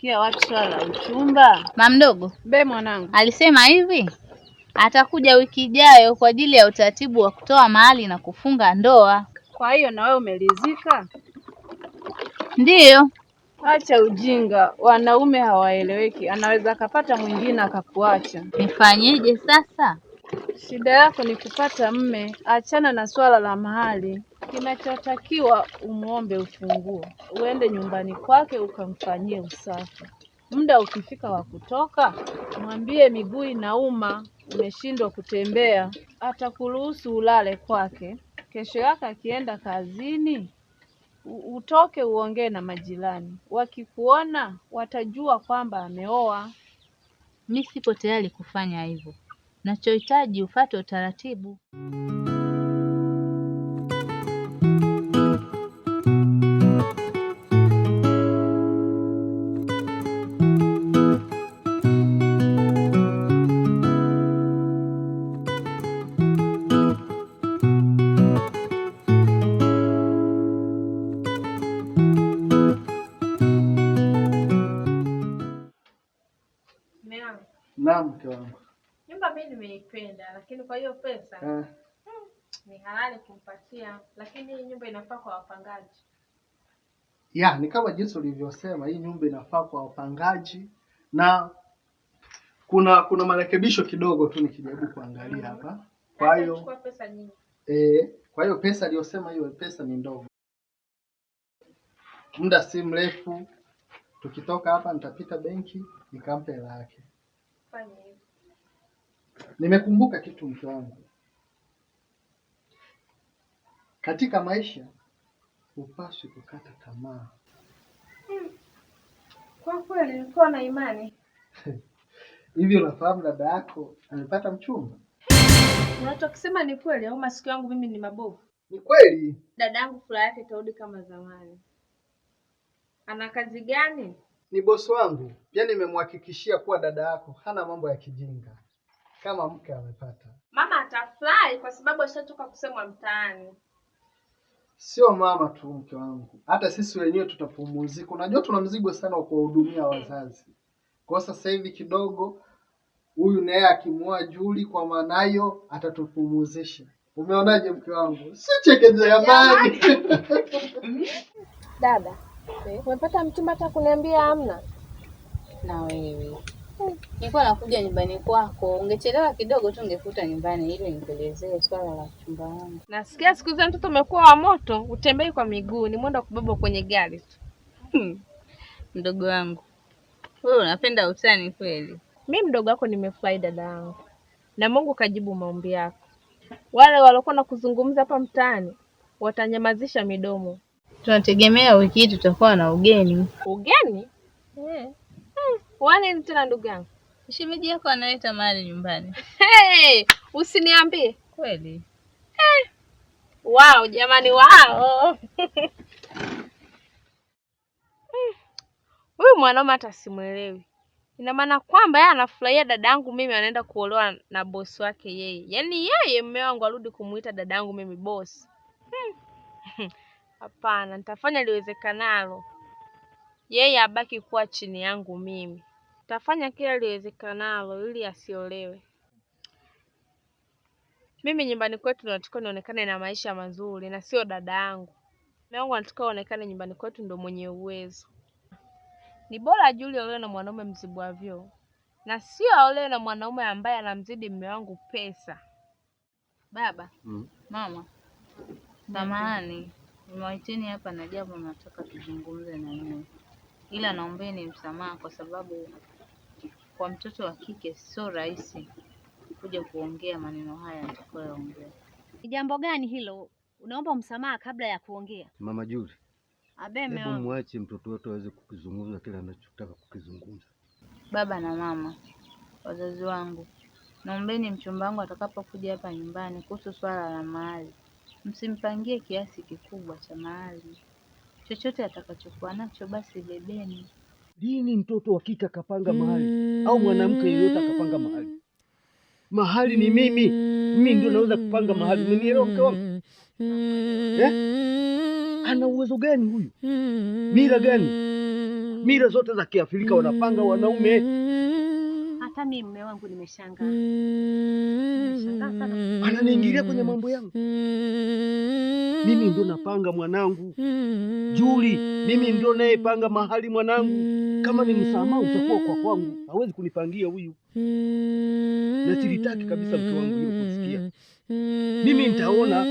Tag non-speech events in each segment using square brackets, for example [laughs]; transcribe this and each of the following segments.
kuwapikia watu swala la uchumba. Mamdogo be mwanangu alisema hivi atakuja wiki ijayo kwa ajili ya utaratibu wa kutoa mahali na kufunga ndoa. Kwa hiyo na wewe umelizika? Ndiyo. Acha ujinga, wanaume hawaeleweki. Anaweza akapata mwingine akakuacha. Nifanyeje sasa? Shida yako ni kupata mme, achana na swala la mahali. Kinachotakiwa umwombe ufunguo, uende nyumbani kwake ukamfanyie usafi. Muda ukifika wa kutoka, mwambie miguu inauma, umeshindwa kutembea. Atakuruhusu ulale kwake. Kesho yake akienda kazini, utoke uongee na majirani. Wakikuona watajua kwamba ameoa. Mi sipo tayari kufanya hivyo, nachohitaji ufate utaratibu. Mume wangu. Naam, mke wangu. Nyumba mimi nimeipenda, lakini kwa hiyo pesa eh, ni halali kumpatia, lakini hii nyumba inafaa kwa wapangaji. Ya, ni kama jinsi ulivyosema, hii nyumba inafaa kwa wapangaji na kuna kuna marekebisho kidogo tu nikijaribu kuangalia mhm. hapa. Yaani kwa hiyo pesa nyingi. Eh, kwa hiyo pesa aliyosema hiyo pesa ni ndogo. Muda si mrefu tukitoka hapa nitapita benki nikampe hela yake. Fanya Nimekumbuka kitu mke wangu, katika maisha hupaswi kukata tamaa. Hmm. Kwa kweli nilikuwa na imani [laughs] hivi. Unafahamu dada yako amepata mchumba? Unachokisema ni kweli au masikio yangu mimi ni mabovu? Ni kweli. Dada yangu furaha yake itarudi kama zamani. Ana kazi gani? ni bosi wangu, pia yaani nimemhakikishia kuwa dada yako hana mambo ya kijinga, kama mke amepata. Mama atafurahi kwa sababu ashatoka kusemwa mtaani. Sio mama tu, mke wangu, hata sisi wenyewe tutapumzika. Unajua tuna mzigo sana wa kuwahudumia wazazi, kwa sasa hivi kidogo huyu naye akimua Juli kwa maana hiyo atatupumuzisha. Umeonaje mke wangu? Si cheke jamani. [laughs] Dada Eh, umepata mchumba hata kuniambia amna? Na wewe Nilikuwa nakuja nyumbani kwako, ungechelewa kidogo tu ungefuta nyumbani ili nikuelezee swala la mchumba wangu. Nasikia siku hizi mtoto umekuwa wa moto, utembei kwa miguu, ni mwendo kubebwa kwenye gari tu. Hmm. Mdogo wangu wewe unapenda utani kweli. Mi mdogo wako nimefurahi dada yangu, na Mungu kajibu maombi yako. Wale waliokuwa na kuzungumza hapa mtaani watanyamazisha midomo Tunategemea wiki hii tutakuwa na ugeni. Ugeni? Yeah. Hmm. Wale tena ndugu yangu. Shemeji yako analeta mali nyumbani. Hey, usiniambie. Kweli. Hey. Eh. Wow, jamani wao. Hmm. Huyu mwanaume hata simwelewi. Ina maana kwamba yeye anafurahia dadangu mimi anaenda kuolewa na bosi wake yeye. Yaani yeye mume wangu arudi kumuita dadangu mimi bosi. Hmm. Hapana, nitafanya liwezekanalo yeye abaki kuwa chini yangu mimi. Nitafanya kila liwezekanalo ili asiolewe. Mimi nyumbani kwetu nataka nionekane na maisha mazuri na sio dada yangu. Mume wangu anataka aonekane nyumbani kwetu ndo mwenye uwezo. Ni bora ajuli aolewe na mwanaume mzibwavyo na sio aolewe na mwanaume ambaye anamzidi mume wangu pesa. Baba, mm. mama, samahani Nimewaiteni hapa na jambo nataka tuzungumze na yeye, ila naombeni msamaha kwa sababu kwa mtoto wa kike sio rahisi kuja kuongea maneno haya atakayoongea. Ni jambo gani hilo? Unaomba msamaha kabla ya kuongea? Mama Juli, hebu mwache mtoto wetu aweze kukizungumza kile anachotaka kukizungumza. Baba na mama, wazazi wangu, naombeni mchumba wangu atakapokuja hapa nyumbani kuhusu swala la mahali Msimpangie kiasi kikubwa cha mahali, chochote atakachokuwa nacho basi bebeni. Lini mtoto wa kike akapanga mahali mm, au mwanamke yeyote akapanga mahali? Mahali ni mimi, mimi ndio naweza kupanga mahali. Umenielewa mke wangu mm. eh? Ana uwezo gani huyu? mira gani? mira zote za Kiafrika wanapanga wanaume hata mimi mume wangu nimeshangaa, nimeshangaa sana, mm-hmm. ananiingilia kwenye mambo yangu. Mm-hmm. Mimi ndio napanga mwanangu mm-hmm. Juli, mimi ndo nayepanga mahali mwanangu. Kama ni msamaha utakuwa kwa kwangu, hawezi kunipangia huyu, na silitaki kabisa mtu wangu hiyo kusikia. Mimi nitaona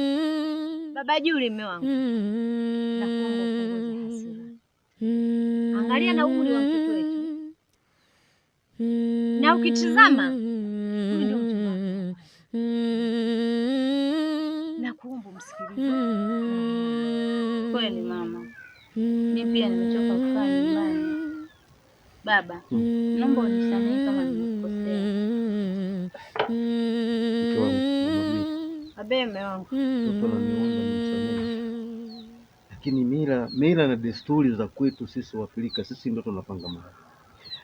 baba Juli, mume wangu, angalia na umri wa mtoto wetu na ukitizama ndio mchumba mm-hmm. na kuomba msikilize. Kweli mama, mimi pia nimechoka kukaa nyumbani. Baba, naomba unisamehe kama nimekukosea. Abeme wangu lakini mila mila na desturi za kwetu sisi Waafrika, sisi ndio tunapanga mahali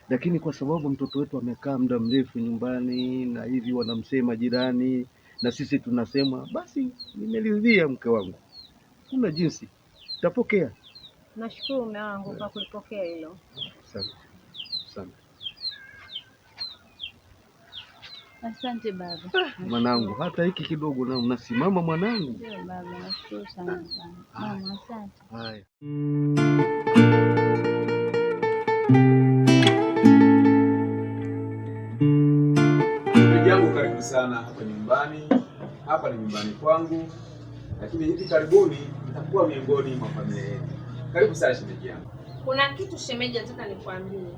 lakini kwa sababu mtoto wetu amekaa muda mrefu nyumbani na hivi wanamsema jirani na sisi tunasema, basi nimeridhia mke wangu, kuna jinsi tapokea. Nashukuru mume wangu kwa kulipokea hilo. Asante, asante. Asante baba. Ah. Mwanangu, hata hiki kidogo na unasimama mwanangu. Ndio baba, nashukuru sana sana. Mama, asante. Haya. sana hapa nyumbani. Hapa ni nyumbani kwangu, lakini hivi karibuni nitakuwa miongoni mwa familia yenu. Karibu sana shemeji yangu. Kuna kitu shemeji, nataka nikwambie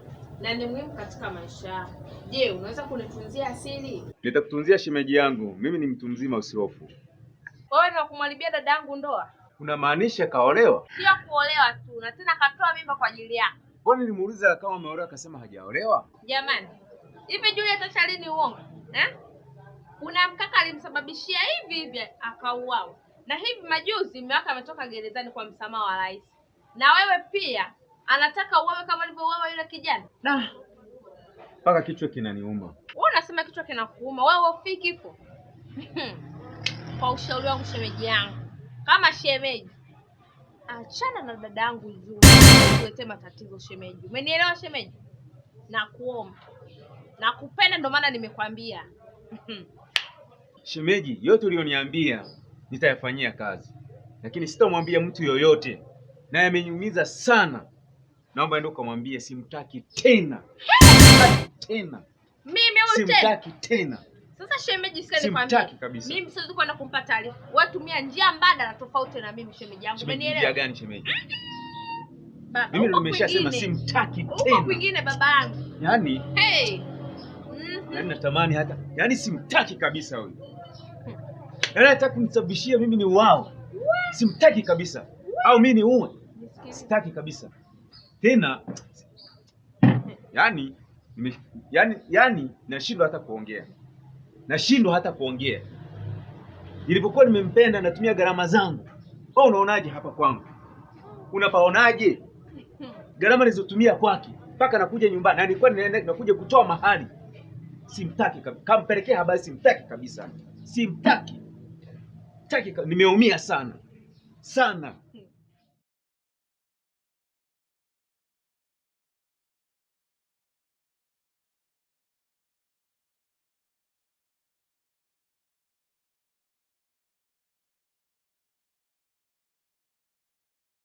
na ni muhimu katika maisha yako. Je, unaweza kunitunzia asili? Nitakutunzia shemeji yangu, mimi ni mtu mzima, usihofu. Wewe na kumharibia dada yangu ndoa? Unamaanisha kaolewa? Sio kuolewa tu, na tena katoa mimba kwa ajili yako. Kwa nini nilimuuliza kama ameolewa, akasema hajaolewa. Jamani, hivi Juliet atalini uongo eh? kuna mkaka alimsababishia hivi hivi akauawa, na hivi majuzi mume wake ametoka gerezani kwa msamaha wa rais, na wewe pia anataka uawe kama alivyouawa yule kijana. Nah, mpaka kichwa kinaniuma. Wewe unasema kichwa kinakuuma, wewe ufiki kifo. Hmm. Kwa ushauri wangu, shemeji yangu, kama shemeji, achana na dada yangu juu matatizo shemeji. Umenielewa shemeji? Nakuomba, nakupenda, ndio maana nimekwambia. Hmm shemeji, yote ulioniambia nitayafanyia kazi, lakini sitamwambia mtu yoyote, naye ameniumiza sana. Naomba ndio kumwambia simtaki tena, simtaki tena, Mimi wote. simtaki tena. Sasa shemeji, simtaki kabisa. Mimi siwezi kwenda kumpa taarifa. Wewe tumia njia mbadala tofauti na mimi shemeji yangu. Umenielewa? Njia gani shemeji? Baba, mimi nimeshasema simtaki tena. Huko kwingine baba yangu. Yaani, hey. Yaani natamani hata yaani simtaki kabisa huyu. Yaani hata kunisababishia mimi ni wao. Simtaki kabisa. Au mimi ni uwe. Sitaki kabisa. Tena yaani yaani yaani nashindwa hata kuongea. Nashindwa hata kuongea. ilipokuwa nimempenda natumia gharama zangu. Wewe unaonaje hapa kwangu? Unapaonaje? Gharama nilizotumia kwake mpaka nakuja nyumbani na nilikuwa nakuja kutoa mahali simtaki kabisa, kampelekea habari, simtaki kabisa, simtaki taki, nimeumia sana sana.